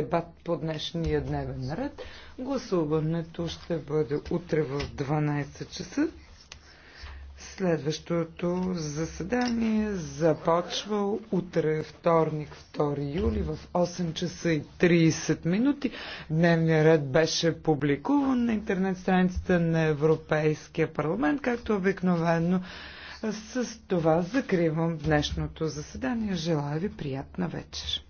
дебат по днешния дневен ред. Гласуването ще бъде утре в 12 часа. Следващото заседание започва утре, вторник, 2 юли в 8 часа и 30 минути. Дневният ред беше публикуван на интернет страницата на Европейския парламент, както обикновено. С това закривам днешното заседание. Желая ви приятна вечер.